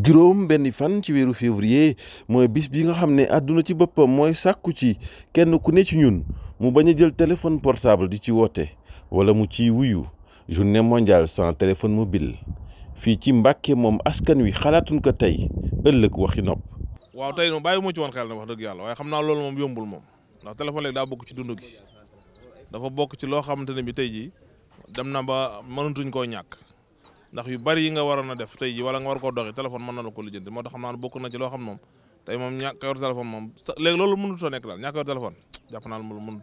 juróom benni fan ci weeru février mooy bis bi nga xam ne àdduna ci boppam mooy sàkku ci kenn ku ne ci ñun mu bañ a jël téléphone portable di ci woote wala mu ci wuyu journée mondiale sans téléphone mobile fii ci Mbàkke moom askan wi xalaatuñ ko tey ëllëg waxi nopp. waaw tey moom bàyyi moo ci woon xel na wax dëgg yàlla waaye xam naa loolu moom yombul moom ndax téléphone léegi daa bokk ci dund gi dafa bokk ci loo xamante ne bi tey jii dem na ba mënatuñ koo ñàkk. ndax yu bari yi nga waroon a def tey ji wala nga war koo doxi téléphone mën na la ko lijjanti moo tax xam naa bokk na ci loo xam moom tey moom ñàkk a yor téléphone moom léegi loolu mënut a nekk a yor nekk moom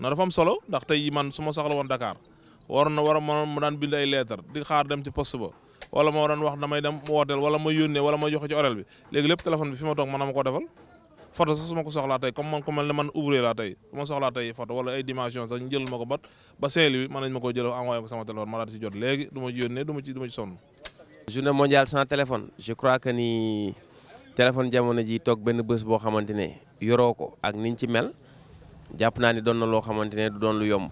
non dafa solo ndax tey man su ma soxla woon Dakar waroon na war a mu daan bind ay lettre di xaar dem ci poste ba wala moo daan wax damay dem wooteel wala ma yónnee wala ma joxe ci orel bi léegi lépp téléphone bi fi ma toog man na ma ko defal photo sax su ma ko soxla tey comme man ku mel ne man ouvrier laa tey su ma soxlaa tey photo wala ay dimension sax ñu jël ma ko bat ba Saint-Louis mën nañ ma ko jël envoyé ko sama téléphone ma daal di ci jot léegi du ma ci yónnee du du ma ci sonn. journée mondiale sans téléphone je crois que ni téléphone jamono ji toog benn bës boo xamante ne yoroo ko ak niñ ci mel jàpp naa ni doon na loo xamante ne du doon lu yomb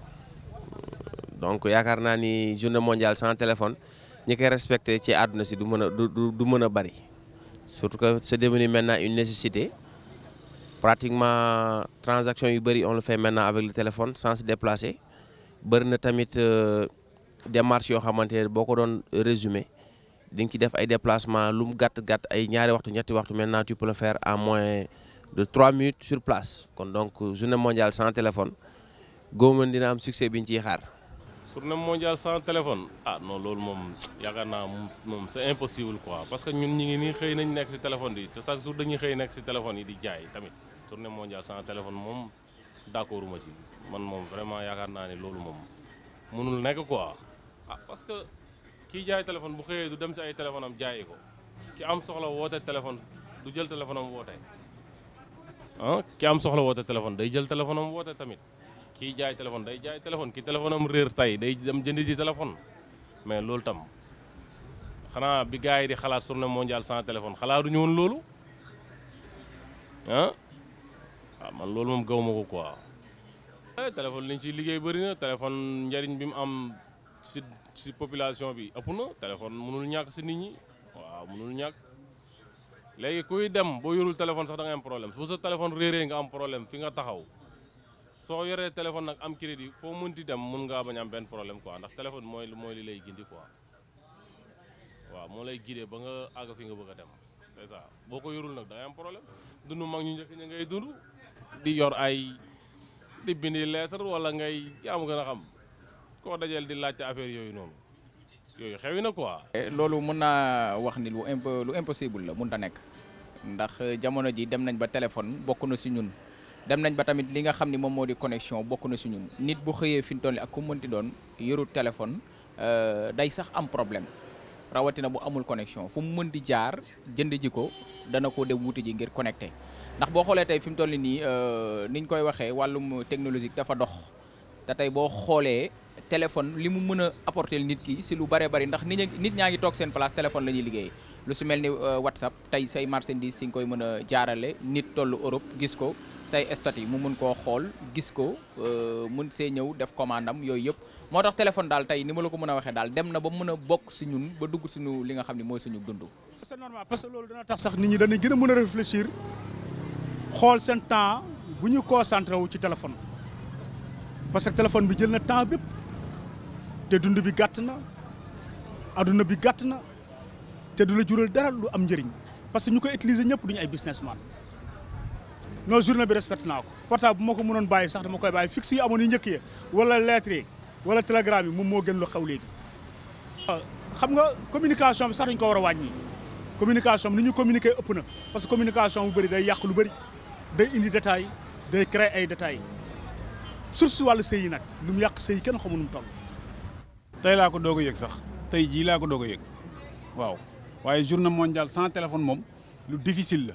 donc yaakaar naa ni journée mondiale sans téléphone ñi koy respecté ci àdduna si du mën a du du mën a bari surtout que c'est devenu maintenant une nécessité. pratiquement transaction yu on le fait maintenant avec le téléphone sans se déplacer bëri de tamit euh, démarche yo xamante boko beaucoup de résumé di ci def ay déplacement lu gat gat ay ñaari waxtu ñetti waxtu maintenant tu peux le faire en moins de 3 minutes sur place kon donc journée mondiale sans téléphone góob dina am succès biñ ci xaar. journée mondiale sans téléphone ah non loolu moom yaakaar naa moom c'est impossible quoi parce que ñun ñi ngi nii xëy nañ nekk si téléphone yi te chaque jour dañuy xëy nekk si téléphone yi di jaay tamit journée mondiale sans téléphone moom d'accord uma ci man moom vraiment yaakaar naa ne loolu moom mënul nekk koi ah parce que kii jaay téléphone bu xëyee du dem si ay téléphone am jaayi ko ki am soxla woote téléphone du jël téléphone am woote ah ki am soxla woote téléphone day jël téléphone am woote tamit kii jaay téléphone day jaay téléphone ki téléphone am réer tey day dem jënd ji téléphone mais loolu tam xanaa bi gars yi di xalaat journée mondiale sans téléphone xalaatuñu woon loolu ah waaw man loolu moom gaw ma ko quoi. Eh, téléphone liñ si liggéey bëri na téléphone njariñ bi mu am si si population bi ëpp na téléphone mënul ñàkk si nit ñi waaw mënul ñàkk léegi kuy dem boo yorul téléphone sax da nga am problème su sa téléphone réeree nga am problème fi nga taxaw. soo yoree téléphone nag am crédit foo mënti dem mun ngaa bañ am benn problème quoi ndax téléphone mooy mooy li lay gindi quoi waaw moo lay gidee ba nga àgg fi nga bëgg a dem c'est ça boo ko yorul nag da ngay am problème dund mag ñu njëkk ña ngay dund di yor ay di bindi lettre wala ngay am gën a xam koo dajeel di laajte affaire yooyu noonu yooyu xewi na quoi. Eh, loolu mën naa wax ni lu imp lu impossible la mun ta nekk ndax jamono ji dem nañ ba téléphone bokk na si ñun. dem nañ ba tamit li nga xam ni moom moo di connexion bokk na suñu nit bu xëyee fi mu a ak ku mënti doon yorul téléphone euh, day sax am problème rawatina bu amul connexion fu mu mën di jaar jënd ji ko dana ko dem wuti ji ngir connecté ndax boo xoolee tey fi mu toll nii euh, niñ koy waxee wàllum technologique dafa dox te tey boo xoolee téléphone li mu mën a apporter nit ki si lu bare bari ndax nit nit ñaa ngi toog seen place téléphone la ñuy liggéey lu su mel ni euh, WhatsApp tey say marchandise si koy mën a jaarale nit toll Europe gis ko. say statut mu mën ko xol gis ko euh mën see ñew def commandam yoy yep motax téléphone dal tay ni ma lako mëna mën dal dem na ba mëna bok ci ñun ba dugg ci ñu li nga xamni moy suñu dundu c'est normal parce que lolu dana tax sax nit ñi dañuy gëna mëna réfléchir xol sen temps bu ñu concentré wu ci téléphone parce que téléphone bi jël na temps bépp té dundu bi gatt na aduna bi gatt na té du la jural dara lu am njëriñ parce que ñu utiliser ñëpp duñ ay businessman non journée bi respecté naa ko portable bu ma ko mënoon bàyyi sax dama koy bàyyi fixe yi amoon yu njëkk ya wala lettre yi wala télégramme yi moom moo gën lu xew léegi xam nga communication bi sax dañu ko war a wàññi communication bi ni ñu communiquer ëpp na parce que communication bu bëri day yàq lu bëri day indi détail day créer ay détails source wàllu sëy yi nag lu mu yàq sëy kenn xamu nu mu toll. tey laa ko doo ko yéeg sax tey jii laa ko doog a yëg waaw waaye journée mondiale sans téléphone moom lu difficile la.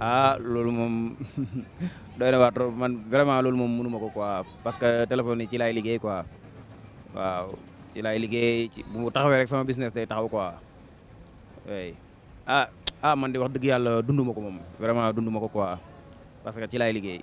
ah loolu moom doy na waar man vraiment loolu moom mënuma ko quoi parce que téléphone yi ci lay liggéey quoi waaw ci laay liggéey ci bu taxawee rek sama business day taxaw quoi oui ah ah man di wax dëgg yàlla dunduma ko moom vraiment dunduma ko quoi parce que ci laay liggéey.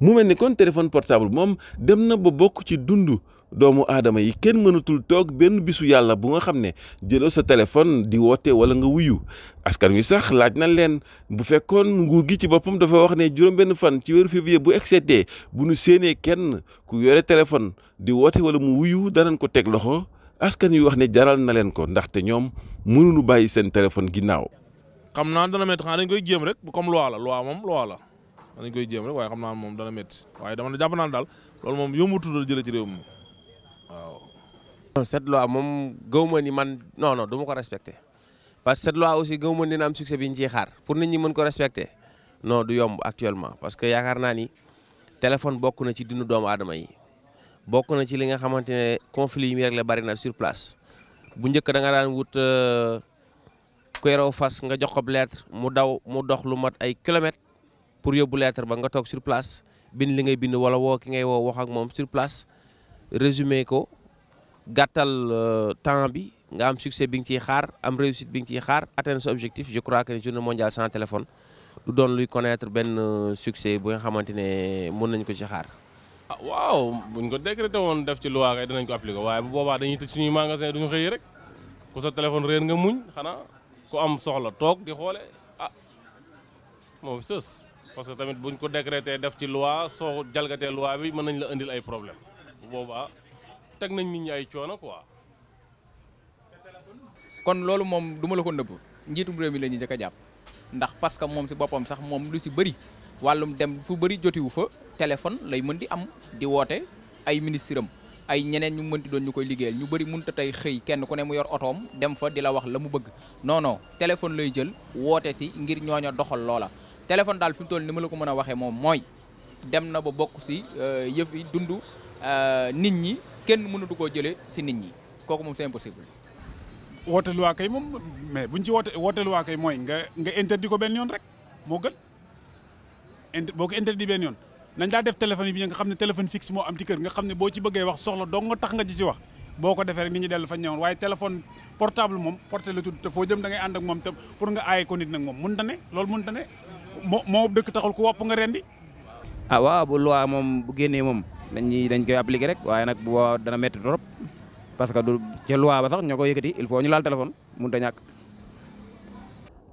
mu mel ni kon téléphone portable moom dem na ba bokk ci dund doomu aadama yi kenn mënatul toog benn bisu yàlla bu nga xam ne jëloo sa téléphone di woote wala nga wuyu askan wi sax laaj nañ leen bu fekkoon nguur gi ci boppam dafa wax ne juróom-benn fan ci weeru février bu excédé bu nu séenee kenn ku yore téléphone di woote wala mu wuyu danañ ko teg loxo askan wi wax ne jaral na leen ko ndaxte ñoom mënuñu bàyyi seen téléphone ginnaaw. xam naa dana métti xanaa dañ koy jéem rek comme loi la loi moom loi la dañ koy jéem rek waaye xam naa moom dana métti waaye dama ne jàpp naa daal loolu moom yombatul la jëlee ci réew mi set loi mom gëw ni man non non du ko respecter parce que cette loi aussi gëw ni na am succès biñ ci xaar pour nit ñi mën ko respecter non du yomb actuellement parce que yaakar na ni téléphone bokku na ci dundu doom adama yi bokk na ci li nga xamantene ne conflit yi rek la bari na sur place bu ñëk da nga daan wut euh, fas nga jox ko lettre mu daw mu dox lu mat ay kilomètres pour yóbbu lettre ba nga tok sur place bin li ngay bind wala wo ki ngay wo wax ak mom sur place résumé ko. gàttal euh, temps bi nga am succès bi ngi xaar am réussite bi ngi xaar atteindre son objectif je crois que le journée mondial sans téléphone du doon lui connaître ben succès bu nga xamantene ne mën nañ ko ci xaar. ah waaw buñ ko décrété won def ci loi kay danañ ko appliquer waye bu boobaa dañuy tëj suñuy magasin duñu xey rek ku sa téléphone reer nga muñ xana ku am soxla tok di xolé ah moo fi parce que tamit buñ ko décrété def ci loi so jalgatee loi bi mën nañ la andil ay problème bu tek nañ nit ñi ay coono quoi. kon lolu mom duma la ko neub njitum rew mi lañu ñu japp ndax parce que mom si bopam sax mom lu ci bari walum dem fu joti wu fa téléphone lay mën di am di woté ay ministre ay ñeneen ñu di doon ñukoy koy liggéeyal ñu bari mënut a tey kenn ku ne mu yor autom dem fa di la wax la mu bëgg non non téléphone lay jël woté si ngir ñoño doxal lola téléphone dal fi mu ni ma la ko mëna waxé mom moy dem na ba si euh, yëf yi dundu Euh, nit ñi kenn mënatu koo jëlee si nit ñi kooku moom c'est impossible. wote luwaa kay moom mais buñ ci woote woote luwaa kay mooy nga nga interdit ko benn rek moo gën int interdit benn yoon nañ def téléphone bi nga xam téléphone fixe moo am ci kër nga xam ne boo ci bëggee wax soxla dong nga tax nga ji ci wax boo ko rek nit ñi fa téléphone portable moom porté la tudd te foo jëm da ngay ànd ak moom te pour nga aaye ko nit mom moom mënta ne loolu mënta ne moo moo dëkk taxul ku wopp nga rendi ah waaw bu luwaa moom bu dañuy dañ koy appliquer rek waaye nag bu dana métti trop parce que du ca ba sax ñoo ko yëkkati il faut ñu laal téléphone mënut a ñàkk.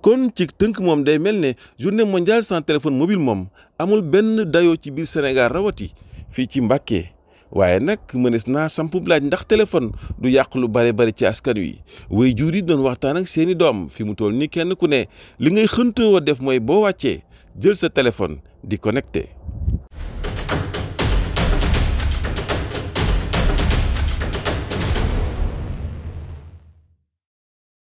kon ci tënk moom day mel ne journée mondiale san téléphone mobile moom amul benn dayoo ci biir Sénégal rawati fii ci Mbàkke waaye nag mënees naa samp laaj ndax téléphone du yàq lu bare bari ci askan wi way jur yi doon waxtaan ak seeni doom fi mu toll ni kenn ku ne li ngay xëntoo def mooy boo wàccee jël sa téléphone di connecté.